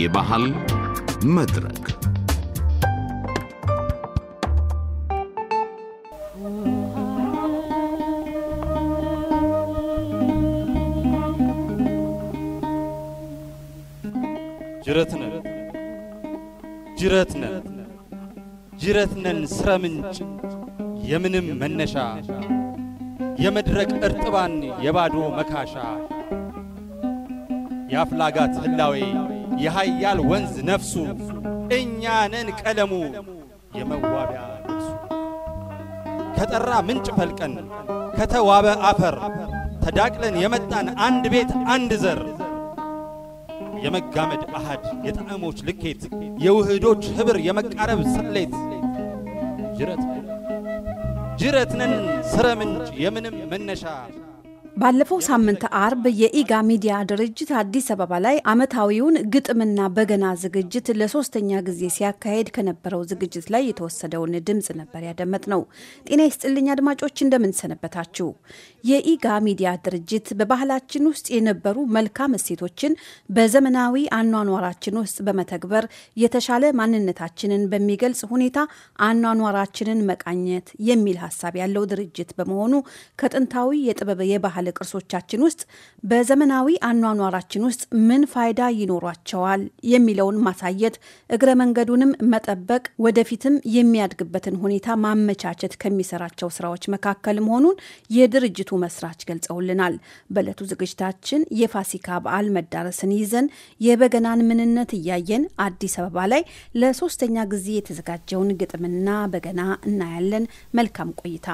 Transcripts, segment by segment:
የባህል መድረክ ጅረትነን ጅረትነን ጅረትነን ስረ ምንጭ የምንም መነሻ የመድረክ እርጥባን የባዶ መካሻ የአፍላጋት ህላዌ የኃያል ወንዝ ነፍሱ እኛንን ቀለሙ የመዋቢያ ልብሱ ከጠራ ምንጭ ፈልቀን ከተዋበ አፈር ተዳቅለን የመጣን አንድ ቤት አንድ ዘር የመጋመድ አሃድ የጣዕሞች ልኬት የውህዶች ህብር የመቃረብ ስሌት ጅረት ጅረትነን ስረ ምንጭ የምንም መነሻ ባለፈው ሳምንት አርብ የኢጋ ሚዲያ ድርጅት አዲስ አበባ ላይ ዓመታዊውን ግጥምና በገና ዝግጅት ለሶስተኛ ጊዜ ሲያካሄድ ከነበረው ዝግጅት ላይ የተወሰደውን ድምፅ ነበር ያደመጥ ነው። ጤና ይስጥልኝ አድማጮች፣ እንደምንሰነበታችሁ። የኢጋ ሚዲያ ድርጅት በባህላችን ውስጥ የነበሩ መልካም እሴቶችን በዘመናዊ አኗኗራችን ውስጥ በመተግበር የተሻለ ማንነታችንን በሚገልጽ ሁኔታ አኗኗራችንን መቃኘት የሚል ሀሳብ ያለው ድርጅት በመሆኑ ከጥንታዊ የጥበብ የባህል ባህል ቅርሶቻችን ውስጥ በዘመናዊ አኗኗራችን ውስጥ ምን ፋይዳ ይኖሯቸዋል የሚለውን ማሳየት፣ እግረ መንገዱንም መጠበቅ፣ ወደፊትም የሚያድግበትን ሁኔታ ማመቻቸት ከሚሰራቸው ስራዎች መካከል መሆኑን የድርጅቱ መስራች ገልጸውልናል። በዕለቱ ዝግጅታችን የፋሲካ በዓል መዳረስን ይዘን የበገናን ምንነት እያየን አዲስ አበባ ላይ ለሶስተኛ ጊዜ የተዘጋጀውን ግጥምና በገና እናያለን። መልካም ቆይታ።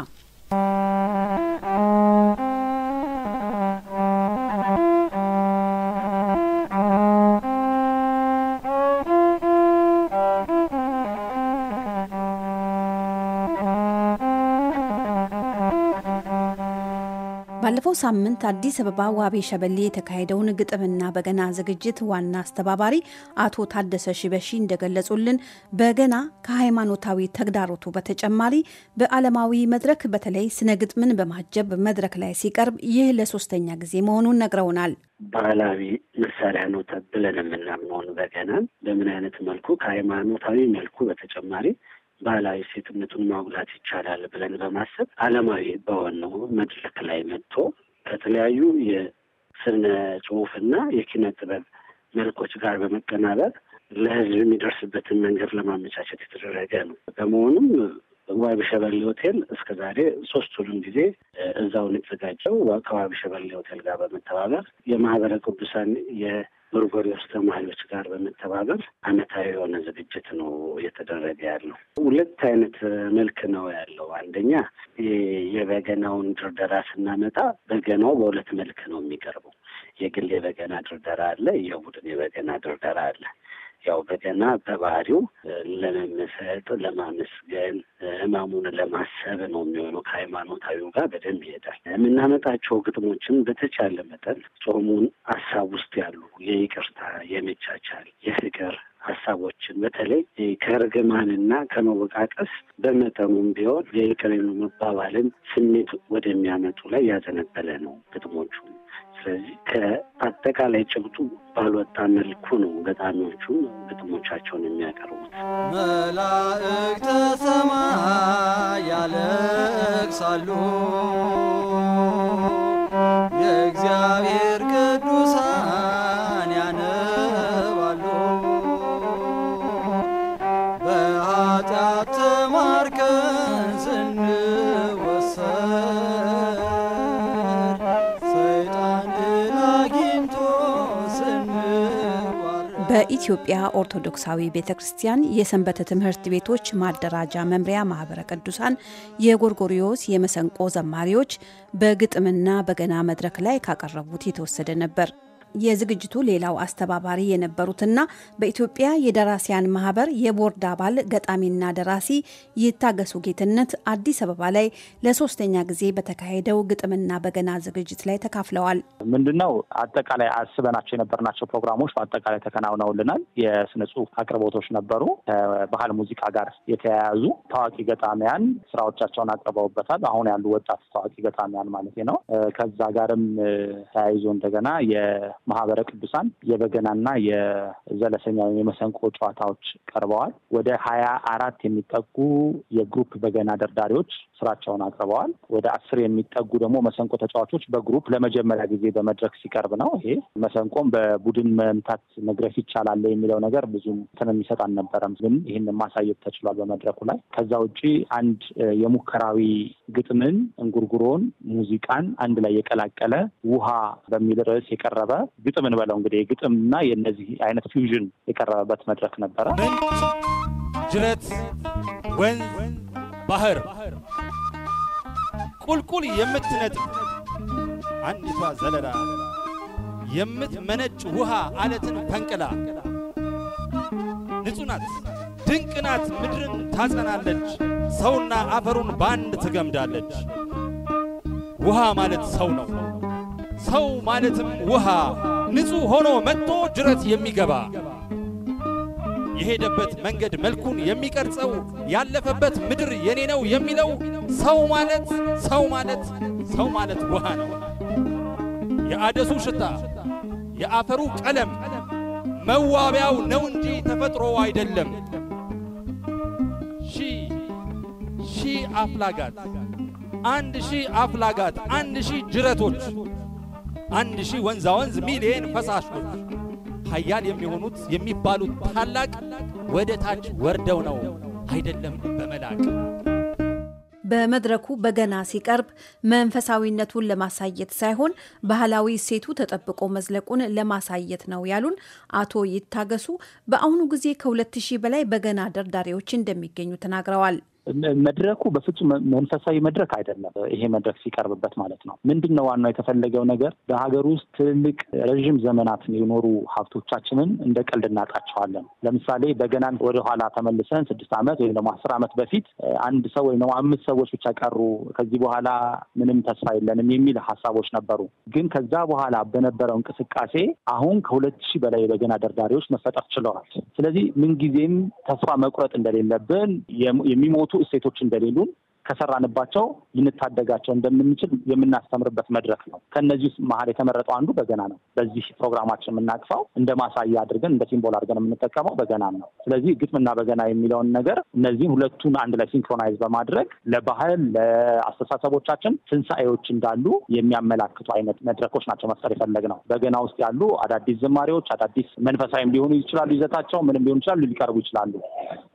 ባለፈው ሳምንት አዲስ አበባ ዋቤ ሸበሌ የተካሄደውን ግጥምና በገና ዝግጅት ዋና አስተባባሪ አቶ ታደሰ ሺበሺ እንደገለጹልን በገና ከሃይማኖታዊ ተግዳሮቱ በተጨማሪ በዓለማዊ መድረክ በተለይ ስነ ግጥምን በማጀብ መድረክ ላይ ሲቀርብ ይህ ለሶስተኛ ጊዜ መሆኑን ነግረውናል። ባህላዊ መሳሪያ ነው ብለን የምናምነውን በገናን በምን አይነት መልኩ ከሃይማኖታዊ መልኩ በተጨማሪ ባህላዊ ሴትነቱን ማጉላት ይቻላል ብለን በማሰብ ዓለማዊ በሆነው መድረክ ላይ መጥቶ ከተለያዩ የስነ ጽሁፍና የኪነ ጥበብ መልኮች ጋር በመቀናበር ለህዝብ የሚደርስበትን መንገድ ለማመቻቸት የተደረገ ነው። በመሆኑም ዋቢ ሸበሌ ሆቴል እስከ ዛሬ ሶስቱንም ጊዜ እዛውን የተዘጋጀው ከዋቢ ሸበሌ ሆቴል ጋር በመተባበር የማህበረ ቅዱሳን ጎርጎሪዎስ ተማሪዎች ጋር በመተባበር አመታዊ የሆነ ዝግጅት ነው እየተደረገ ያለው። ሁለት አይነት መልክ ነው ያለው። አንደኛ የበገናውን ድርደራ ስናመጣ በገናው በሁለት መልክ ነው የሚቀርበው። የግል የበገና ድርደራ አለ፣ የቡድን የበገና ድርደራ አለ። ያው በገና በባህሪው ለመመሰጥ፣ ለማመስገን፣ ህማሙን ለማሰብ ነው የሚሆነው። ከሃይማኖታዊው ጋር በደንብ ይሄዳል። የምናመጣቸው ግጥሞችን በተቻለ መጠን ጾሙን አሳብ ውስጥ ያሉ የይቅርታ፣ የመቻቻል፣ የፍቅር ሀሳቦችን በተለይ ከእርግማንና ከመወቃቀስ በመጠኑም ቢሆን የይቅሬኑ መባባልን ስሜት ወደሚያመጡ ላይ ያዘነበለ ነው ግጥሞቹ። ስለዚህ ከአጠቃላይ ጭብጡ ባልወጣ መልኩ ነው ገጣሚዎቹ ግጥሞቻቸውን የሚያቀርቡት። መላእክተ ሰማይ ያለቅሳሉ በኢትዮጵያ ኦርቶዶክሳዊ ቤተ ክርስቲያን የሰንበተ ትምህርት ቤቶች ማደራጃ መምሪያ ማህበረ ቅዱሳን የጎርጎሪዎስ የመሰንቆ ዘማሪዎች በግጥምና በገና መድረክ ላይ ካቀረቡት የተወሰደ ነበር። የዝግጅቱ ሌላው አስተባባሪ የነበሩትና በኢትዮጵያ የደራሲያን ማህበር የቦርድ አባል ገጣሚና ደራሲ ይታገሱ ጌትነት አዲስ አበባ ላይ ለሶስተኛ ጊዜ በተካሄደው ግጥምና በገና ዝግጅት ላይ ተካፍለዋል። ምንድነው አጠቃላይ አስበናቸው የነበርናቸው ፕሮግራሞች በአጠቃላይ ተከናውነውልናል። የስነ ጽሁፍ አቅርቦቶች ነበሩ። ከባህል ሙዚቃ ጋር የተያያዙ ታዋቂ ገጣሚያን ስራዎቻቸውን አቅርበውበታል። አሁን ያሉ ወጣት ታዋቂ ገጣሚያን ማለት ነው። ከዛ ጋርም ተያይዞ እንደገና ማህበረ ቅዱሳን የበገናና የዘለሰኛ ወይም የመሰንቆ ጨዋታዎች ቀርበዋል። ወደ ሀያ አራት የሚጠጉ የግሩፕ በገና ደርዳሪዎች ስራቸውን አቅርበዋል። ወደ አስር የሚጠጉ ደግሞ መሰንቆ ተጫዋቾች በግሩፕ ለመጀመሪያ ጊዜ በመድረክ ሲቀርብ ነው። ይሄ መሰንቆም በቡድን መምታት መግረፍ ይቻላል የሚለው ነገር ብዙም እንትን የሚሰጥ አልነበረም፣ ግን ይህን ማሳየት ተችሏል በመድረኩ ላይ። ከዛ ውጭ አንድ የሙከራዊ ግጥምን፣ እንጉርጉሮን፣ ሙዚቃን አንድ ላይ የቀላቀለ ውሃ በሚል ርዕስ የቀረበ ግጥም እንበለው እንግዲህ ግጥም እና የእነዚህ አይነት ፊውዥን የቀረበበት መድረክ ነበረ። ጅረት፣ ወንዝ፣ ባህር ቁልቁል የምትነጥ አንዲቷ ዘለላ የምትመነጭ ውሃ አለትን ፈንቅላ ንጹሕ ናት ድንቅ ናት ምድርን ታጸናለች ሰውና አፈሩን በአንድ ትገምዳለች። ውሃ ማለት ሰው ነው። ሰው ማለትም ውሃ ንጹሕ ሆኖ መጥቶ ጅረት የሚገባ የሄደበት መንገድ መልኩን የሚቀርጸው ያለፈበት ምድር የኔ ነው የሚለው ሰው ማለት ሰው ማለት ሰው ማለት ውሃ ነው። የአደሱ ሽታ የአፈሩ ቀለም መዋቢያው ነው እንጂ ተፈጥሮ አይደለም። ሺ ሺ አፍላጋት አንድ ሺህ አፍላጋት አንድ ሺህ ጅረቶች አንድ ሺህ ወንዛ ወንዝ ሚሊየን ነው። ኃያል የሚሆኑት የሚባሉት ታላቅ ወደ ታች ወርደው ነው አይደለም በመላክ በመድረኩ በገና ሲቀርብ መንፈሳዊነቱን ለማሳየት ሳይሆን ባህላዊ እሴቱ ተጠብቆ መዝለቁን ለማሳየት ነው ያሉን አቶ ይታገሱ በአሁኑ ጊዜ ከ2000 በላይ በገና ደርዳሪዎች እንደሚገኙ ተናግረዋል። መድረኩ በፍጹም መንፈሳዊ መድረክ አይደለም። ይሄ መድረክ ሲቀርብበት ማለት ነው። ምንድን ነው ዋናው የተፈለገው ነገር በሀገር ውስጥ ትልልቅ ረዥም ዘመናት የኖሩ ሀብቶቻችንን እንደ ቀልድ እናጣቸዋለን። ለምሳሌ በገናን ወደኋላ ተመልሰን ስድስት ዓመት ወይም ደግሞ አስር ዓመት በፊት አንድ ሰው ወይም ደግሞ አምስት ሰዎች ብቻ ቀሩ፣ ከዚህ በኋላ ምንም ተስፋ የለንም የሚል ሀሳቦች ነበሩ። ግን ከዛ በኋላ በነበረው እንቅስቃሴ አሁን ከሁለት ሺህ በላይ በገና ደርዳሪዎች መፈጠር ችለዋል። ስለዚህ ምንጊዜም ተስፋ መቁረጥ እንደሌለብን የሚሞቱ እሴቶች እንደሌሉን ከሰራንባቸው ልንታደጋቸው እንደምንችል የምናስተምርበት መድረክ ነው። ከእነዚህ መሀል የተመረጠው አንዱ በገና ነው። በዚህ ፕሮግራማችን የምናቅፈው እንደ ማሳያ አድርገን እንደ ሲምቦል አድርገን የምንጠቀመው በገና ነው። ስለዚህ ግጥምና በገና የሚለውን ነገር እነዚህም ሁለቱን አንድ ላይ ሲንክሮናይዝ በማድረግ ለባህል ለአስተሳሰቦቻችን ትንሣኤዎች እንዳሉ የሚያመላክቱ አይነት መድረኮች ናቸው መፍጠር የፈለግነው። በገና ውስጥ ያሉ አዳዲስ ዝማሬዎች አዳዲስ መንፈሳዊም ሊሆኑ ይችላሉ፣ ይዘታቸው ምንም ሊሆኑ ይችላሉ፣ ሊቀርቡ ይችላሉ።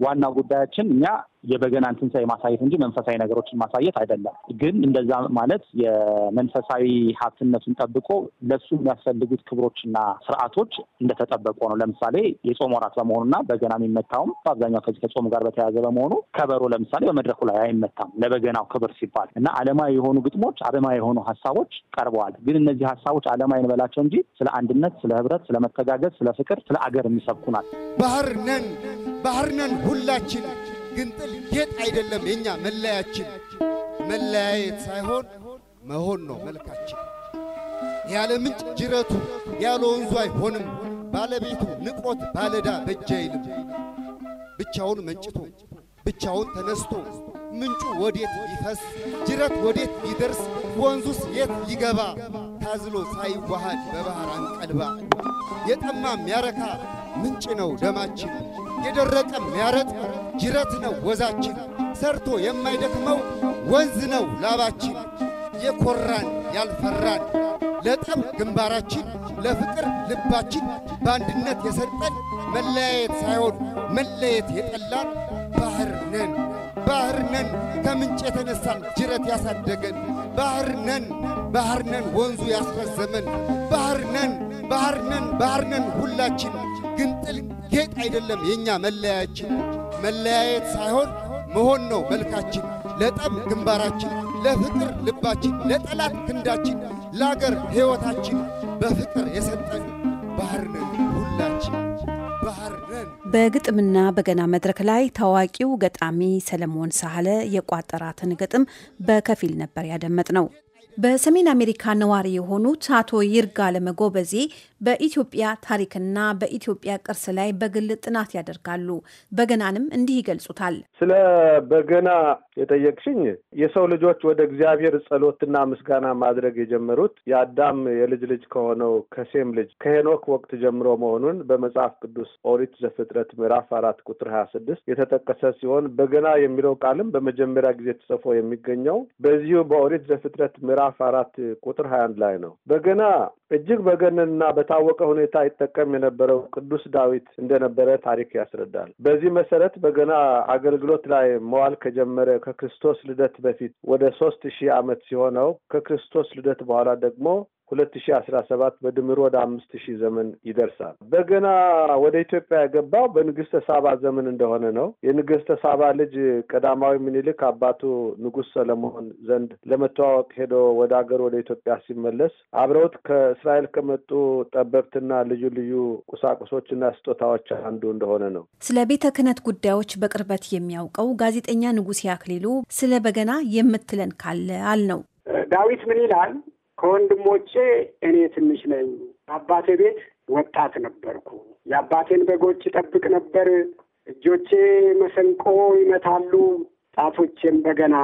ዋና ጉዳያችን እኛ የበገናን ትንሣኤ ማሳየት እንጂ መንፈሳዊ ነገሮችን ማሳየት አይደለም። ግን እንደዛ ማለት የመንፈሳዊ ሀብትነቱን ጠብቆ ለሱ የሚያስፈልጉት ክብሮችና ስርዓቶች እንደተጠበቁ ነው። ለምሳሌ የጾም ወራት በመሆኑና በገና የሚመታውም በአብዛኛው ከዚህ ከጾም ጋር በተያያዘ በመሆኑ ከበሮ ለምሳሌ በመድረኩ ላይ አይመታም ለበገናው ክብር ሲባል እና አለማዊ የሆኑ ግጥሞች፣ አለማዊ የሆኑ ሀሳቦች ቀርበዋል። ግን እነዚህ ሀሳቦች አለማዊ እንበላቸው እንጂ ስለ አንድነት፣ ስለ ህብረት፣ ስለ መተጋገዝ፣ ስለ ፍቅር፣ ስለ አገር የሚሰብኩ ናል ባህር ነን ባህር ነን ሁላችን ግንጥል ጌጥ አይደለም። የኛ መለያችን መለያየት ሳይሆን መሆን ነው መልካችን። ያለ ምንጭ ጅረቱ ያለ ወንዙ አይሆንም። ባለቤቱ ንቆት ባለዳ በእጅ አይልም። ብቻውን መንጭቶ ብቻውን ተነስቶ ምንጩ ወዴት ይፈስ ጅረት ወዴት ይደርስ ወንዙስ የት ይገባ ታዝሎ ሳይዋሃድ በባህር አንቀልባ የጠማም ያረካ ምንጭ ነው ደማችን የደረቀም ያረጥም ጅረት ነው ወዛችን፣ ሰርቶ የማይደክመው ወንዝ ነው ላባችን። የኮራን ያልፈራን ለጠብ ግንባራችን፣ ለፍቅር ልባችን በአንድነት የሰጠን መለያየት ሳይሆን መለየት የጠላን ባህር ነን ባህር ነን ከምንጭ የተነሳን ጅረት ያሳደገን ባህር ነን ባህር ነን ወንዙ ያስረዘመን ባህር ነን ባህርነን ባህርነን ሁላችን ግን ጥልቅ ጌጥ አይደለም የኛ መለያችን። መለያየት ሳይሆን መሆን ነው መልካችን። ለጠብ ግንባራችን፣ ለፍቅር ልባችን፣ ለጠላት ክንዳችን፣ ለአገር ሕይወታችን በፍቅር የሰጠን ባህርነን ሁላችን። በግጥምና በገና መድረክ ላይ ታዋቂው ገጣሚ ሰለሞን ሳህለ የቋጠራትን ግጥም በከፊል ነበር ያደመጥ ነው። በሰሜን አሜሪካ ነዋሪ የሆኑት አቶ ይርጋ ለመጎበዜ በኢትዮጵያ ታሪክና በኢትዮጵያ ቅርስ ላይ በግል ጥናት ያደርጋሉ። በገናንም እንዲህ ይገልጹታል። ስለ በገና የጠየቅሽኝ የሰው ልጆች ወደ እግዚአብሔር ጸሎትና ምስጋና ማድረግ የጀመሩት የአዳም የልጅ ልጅ ከሆነው ከሴም ልጅ ከሄኖክ ወቅት ጀምሮ መሆኑን በመጽሐፍ ቅዱስ ኦሪት ዘፍጥረት ምዕራፍ አራት ቁጥር ሀያ ስድስት የተጠቀሰ ሲሆን በገና የሚለው ቃልም በመጀመሪያ ጊዜ ተጽፎ የሚገኘው በዚሁ በኦሪት ዘፍጥረት ምዕራፍ አራት ቁጥር ሀያ አንድ ላይ ነው። በገና እጅግ በገነንና በታ ባልታወቀ ሁኔታ ይጠቀም የነበረው ቅዱስ ዳዊት እንደነበረ ታሪክ ያስረዳል። በዚህ መሰረት በገና አገልግሎት ላይ መዋል ከጀመረ ከክርስቶስ ልደት በፊት ወደ ሶስት ሺህ ዓመት ሲሆነው ከክርስቶስ ልደት በኋላ ደግሞ ሁለት ሺ አስራ ሰባት በድምር ወደ አምስት ሺህ ዘመን ይደርሳል። በገና ወደ ኢትዮጵያ የገባው በንግስተ ሳባ ዘመን እንደሆነ ነው። የንግስተ ሳባ ልጅ ቀዳማዊ ምኒልክ አባቱ ንጉስ ሰለሞን ዘንድ ለመተዋወቅ ሄዶ ወደ ሀገር ወደ ኢትዮጵያ ሲመለስ አብረውት ከእስራኤል ከመጡ ጠበብትና ልዩ ልዩ ቁሳቁሶችና ስጦታዎች አንዱ እንደሆነ ነው። ስለ ቤተ ክህነት ጉዳዮች በቅርበት የሚያውቀው ጋዜጠኛ ንጉሴ አክሊሉ ስለ በገና የምትለን ካለ አል ነው ዳዊት ምን ይላል? ከወንድሞቼ እኔ ትንሽ ነኝ። አባቴ ቤት ወጣት ነበርኩ። የአባቴን በጎች ይጠብቅ ነበር። እጆቼ መሰንቆ ይመታሉ፣ ጣቶቼም በገና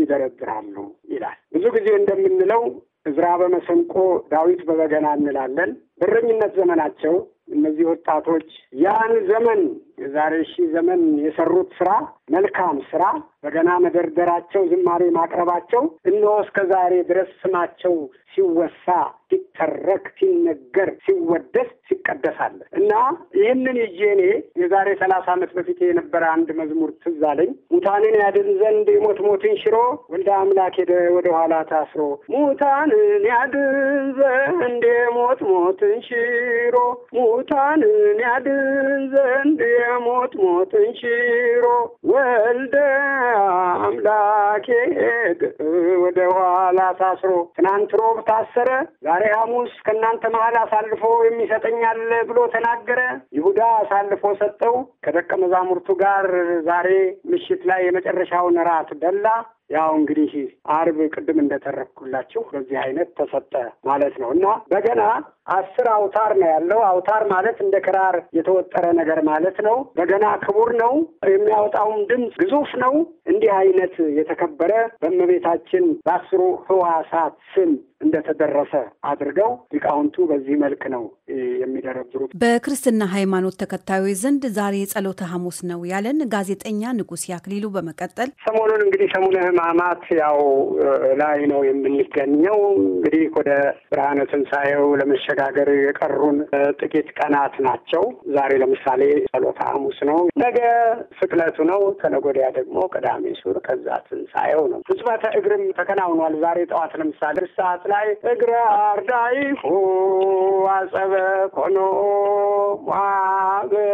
ይደረድራሉ ይላል። ብዙ ጊዜ እንደምንለው እዝራ በመሰንቆ ዳዊት በበገና እንላለን። በረኝነት ዘመናቸው እነዚህ ወጣቶች ያን ዘመን የዛሬ ሺ ዘመን የሰሩት ስራ መልካም ስራ በገና መደርደራቸው፣ ዝማሬ ማቅረባቸው እነሆ እስከ ዛሬ ድረስ ስማቸው ሲወሳ፣ ሲተረክ፣ ሲነገር፣ ሲወደስ፣ ሲቀደሳለ እና ይህንን ይዤ እኔ የዛሬ ሰላሳ ዓመት በፊት የነበረ አንድ መዝሙር ትዝ አለኝ። ሙታንን ያድን ዘንድ የሞት ሞትን ሽሮ ወልደ አምላክ ሄደ ወደኋላ ታስሮ ሙታንን ያድን ዘንድ የሞት ሞትን ሽሮ ሙታንን ያድን ዘንድ የሞት ሞትን ሽሮ ወልደ አምላኬ ወደ ኋላ ታስሮ ትናንት ሮብ ታሰረ፣ ዛሬ ሐሙስ ከእናንተ መሀል አሳልፎ የሚሰጠኛል ብሎ ተናገረ። ይሁዳ አሳልፎ ሰጠው። ከደቀ መዛሙርቱ ጋር ዛሬ ምሽት ላይ የመጨረሻውን ራት በላ። ያው እንግዲህ አርብ ቅድም እንደተረኩላችሁ በዚህ አይነት ተሰጠ ማለት ነው እና በገና አስር አውታር ነው ያለው። አውታር ማለት እንደ ክራር የተወጠረ ነገር ማለት ነው። በገና ክቡር ነው፣ የሚያወጣውም ድምፅ ግዙፍ ነው። እንዲህ አይነት የተከበረ በእመቤታችን በአስሩ ህዋሳት ስም እንደተደረሰ አድርገው ሊቃውንቱ በዚህ መልክ ነው የሚደረድሩት። በክርስትና ሃይማኖት ተከታዮች ዘንድ ዛሬ ጸሎተ ሐሙስ ነው ያለን ጋዜጠኛ ንጉሴ አክሊሉ በመቀጠል ሰሞኑን እንግዲህ ሰሙነ ሕማማት ያው ላይ ነው የምንገኘው። እንግዲህ ወደ ብርሃነ ትንሣኤው ለመሸጋገር የቀሩን ጥቂት ቀናት ናቸው። ዛሬ ለምሳሌ ጸሎተ ሐሙስ ነው፣ ነገ ስቅለቱ ነው፣ ከነገ ወዲያ ደግሞ ቀዳሜ ሱር፣ ከዛ ትንሣኤው ነው። ሕጽበተ እግርም ተከናውኗል። ዛሬ ጠዋት ለምሳሌ ርሳት ላይ እግረ አርዳይፉ አጸበ ኮኖ ዋገወነ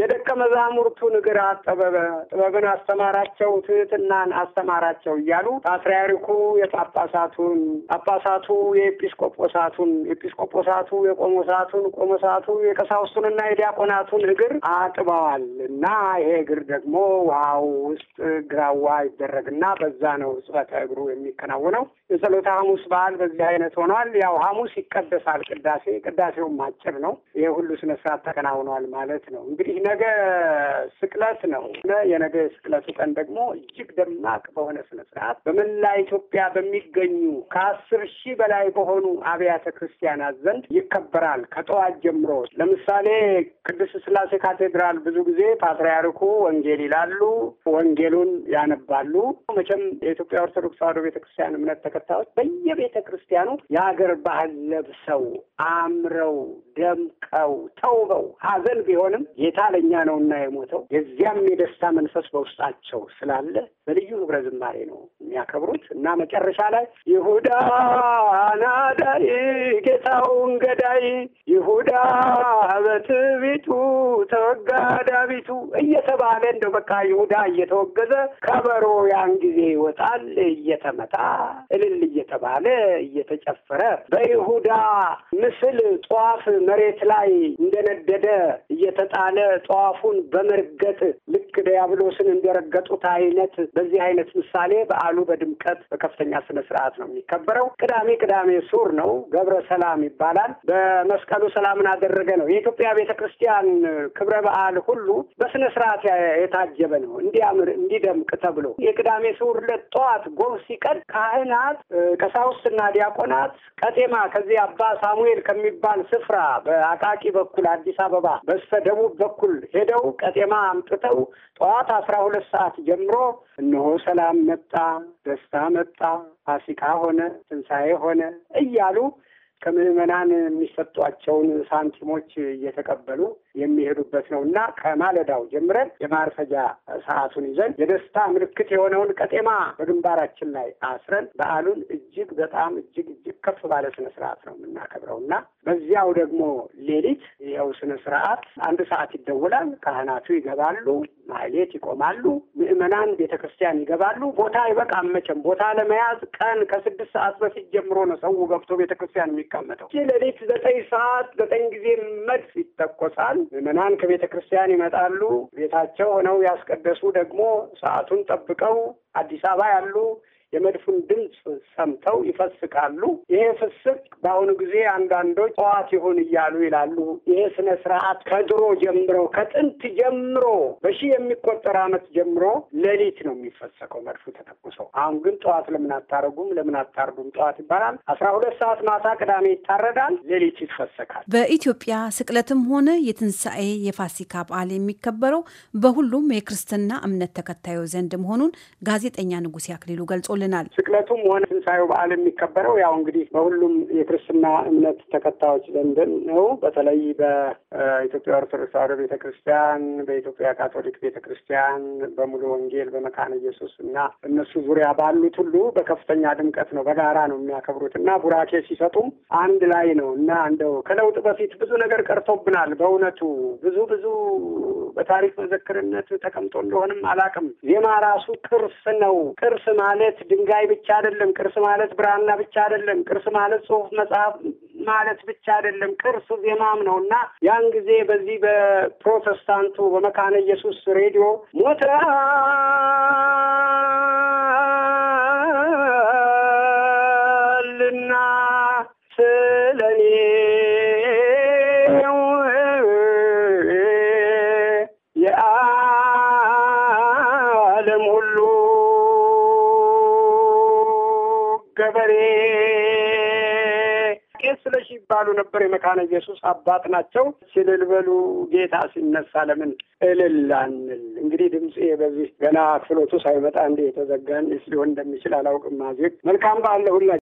የደቀ መዛሙርቱን እግር አጠበበ፣ ጥበብን አስተማራቸው፣ ትህትናን አስተማራቸው እያሉ ፓትርያርኩ የጳጳሳቱን፣ ጳጳሳቱ የኤጲስቆጶሳቱን፣ ኤጲስቆጶሳቱ የቆሞሳቱን፣ ቆሞሳቱ የቀሳውስቱንና የዲያቆናቱን እግር አጥበዋል እና ይሄ እግር ደግሞ ውሃው ውስጥ ግራዋ ይደረግና በዛ ነው ጽበተ እግሩ የሚከናወነው። የጸሎተ ሐሙስ በዓል በዚህ አይነት ሆኗል። ያው ሐሙስ ይቀደሳል ቅዳሴ፣ ቅዳሴውም አጭር ነው። ይህ ሁሉ ስነስርዓት ተከናውኗል ማለት ነው። እንግዲህ ነገ ስቅለት ነው። የነገ ስቅለቱ ቀን ደግሞ እጅግ ደማቅ በሆነ ስነስርዓት በመላ ኢትዮጵያ በሚገኙ ከአስር ሺህ በላይ በሆኑ አብያተ ክርስቲያናት ዘንድ ይከበራል ከጠዋት ጀምሮ። ለምሳሌ ቅድስት ስላሴ ካቴድራል ብዙ ጊዜ ፓትርያርኩ ወንጌል ይላሉ፣ ወንጌሉን ያነባሉ። መቼም የኢትዮጵያ ኦርቶዶክስ ተዋህዶ ቤተክርስቲያን እምነት እምነት ተከታዮች በየቤተ ክርስቲያኑ የሀገር ባህል ለብሰው አምረው ደምቀው ተውበው ሀዘን ቢሆንም ጌታ ለእኛ እና የሞተው የዚያም የደስታ መንፈስ በውስጣቸው ስላለ በልዩ ህብረ ዝማሬ ነው የሚያከብሩት እና መጨረሻ ላይ ይሁዳ ናዳይ ጌታውን ገዳይ ይሁዳ በትቢቱ ተወጋ ዳቢቱ እየተባለ እንደው በቃ ይሁዳ እየተወገዘ ከበሮ ያን ጊዜ ይወጣል እየተመጣ እልል እየተባለ እየተጨፈረ በይሁዳ ምስል ጠዋፍ መሬት ላይ እንደነደደ እየተጣለ ጠዋፉን በመርገጥ ልክ ዲያብሎስን እንደረገጡት አይነት በዚህ አይነት ምሳሌ በዓሉ በድምቀት በከፍተኛ ስነ ስርዓት ነው የሚከበረው። ቅዳሜ ቅዳሜ ሱር ነው፣ ገብረ ሰላም ይባላል። በመስቀሉ ሰላምን አደረገ ነው። የኢትዮጵያ ቤተ ክርስቲያን ክብረ በዓል ሁሉ በስነ ስርዓት የታጀበ ነው እንዲያምር እንዲደምቅ ተብሎ የቅዳሜ ሱር ዕለት ጠዋት ጎህ ሲቀድ ካህን ምክንያት ቀሳውስትና ዲያቆናት ቀጤማ ከዚህ አባ ሳሙኤል ከሚባል ስፍራ በአቃቂ በኩል አዲስ አበባ በስተ ደቡብ በኩል ሄደው ቀጤማ አምጥተው ጠዋት አስራ ሁለት ሰዓት ጀምሮ እነሆ ሰላም መጣ፣ ደስታ መጣ፣ ፋሲካ ሆነ፣ ትንሣኤ ሆነ እያሉ ከምዕመናን የሚሰጧቸውን ሳንቲሞች እየተቀበሉ የሚሄዱበት ነው እና ከማለዳው ጀምረን የማርፈጃ ሰዓቱን ይዘን የደስታ ምልክት የሆነውን ቀጤማ በግንባራችን ላይ አስረን በዓሉን እጅግ በጣም እጅግ እጅግ ከፍ ባለ ስነ ስርዓት ነው የምናከብረው እና በዚያው ደግሞ ሌሊት ይኸው ስነ ስርዓት አንድ ሰዓት ይደውላል። ካህናቱ ይገባሉ፣ ማህሌት ይቆማሉ፣ ምዕመናን ቤተ ክርስቲያን ይገባሉ። ቦታ አይበቃም መቼም ቦታ ለመያዝ ቀን ከስድስት ሰዓት በፊት ጀምሮ ነው ሰው ገብቶ ቤተ ክርስቲያን የሚቀመጠው። ሌሊት ዘጠኝ ሰዓት ዘጠኝ ጊዜ መድፍ ይተኮሳል። ምእመናን ከቤተ ክርስቲያን ይመጣሉ። ቤታቸው ሆነው ያስቀደሱ ደግሞ ሰዓቱን ጠብቀው አዲስ አበባ ያሉ የመድፉን ድምፅ ሰምተው ይፈስቃሉ። ይሄ ፍስቅ በአሁኑ ጊዜ አንዳንዶች ጠዋት ይሁን እያሉ ይላሉ። ይሄ ስነ ስርዓት ከድሮ ጀምሮ ከጥንት ጀምሮ በሺህ የሚቆጠር ዓመት ጀምሮ ሌሊት ነው የሚፈሰቀው መድፉ ተተኩሶ። አሁን ግን ጠዋት ለምን አታረጉም? ለምን አታርዱም? ጠዋት ይባላል። አስራ ሁለት ሰዓት ማታ ቅዳሜ ይታረዳል፣ ሌሊት ይፈሰካል። በኢትዮጵያ ስቅለትም ሆነ የትንሣኤ የፋሲካ በዓል የሚከበረው በሁሉም የክርስትና እምነት ተከታዮ ዘንድ መሆኑን ጋዜጠኛ ንጉሴ አክሊሉ ገልጾልን ያስረዱልናል። ስቅለቱም ሆነ ትንሣኤው በዓል የሚከበረው ያው እንግዲህ በሁሉም የክርስትና እምነት ተከታዮች ዘንድን ነው። በተለይ በኢትዮጵያ ኦርቶዶክስ ተዋሕዶ ቤተ ክርስቲያን፣ በኢትዮጵያ ካቶሊክ ቤተ ክርስቲያን፣ በሙሉ ወንጌል፣ በመካነ ኢየሱስ እና እነሱ ዙሪያ ባሉት ሁሉ በከፍተኛ ድምቀት ነው በጋራ ነው የሚያከብሩት እና ቡራኬ ሲሰጡም አንድ ላይ ነው እና እንደው ከለውጥ በፊት ብዙ ነገር ቀርቶብናል። በእውነቱ ብዙ ብዙ በታሪክ መዘክርነት ተቀምጦ እንደሆንም አላቅም ዜማ ራሱ ቅርስ ነው። ቅርስ ማለት ድንጋይ ብቻ አይደለም። ቅርስ ማለት ብራና ብቻ አይደለም። ቅርስ ማለት ጽሑፍ፣ መጽሐፍ ማለት ብቻ አይደለም። ቅርስ ዜማም ነው እና ያን ጊዜ በዚህ በፕሮቴስታንቱ በመካነ ኢየሱስ ሬዲዮ ሞተ ልና ነበር። የመካነ ኢየሱስ አባት ናቸው። እልል በሉ ጌታ ሲነሳ ለምን እልል አንል? እንግዲህ ድምፅ በዚህ ገና ክፍሎቱ ሳይመጣ እንዲህ የተዘጋን ሊሆን እንደሚችል አላውቅም። ማዜግ መልካም በዓል ለሁላችሁ።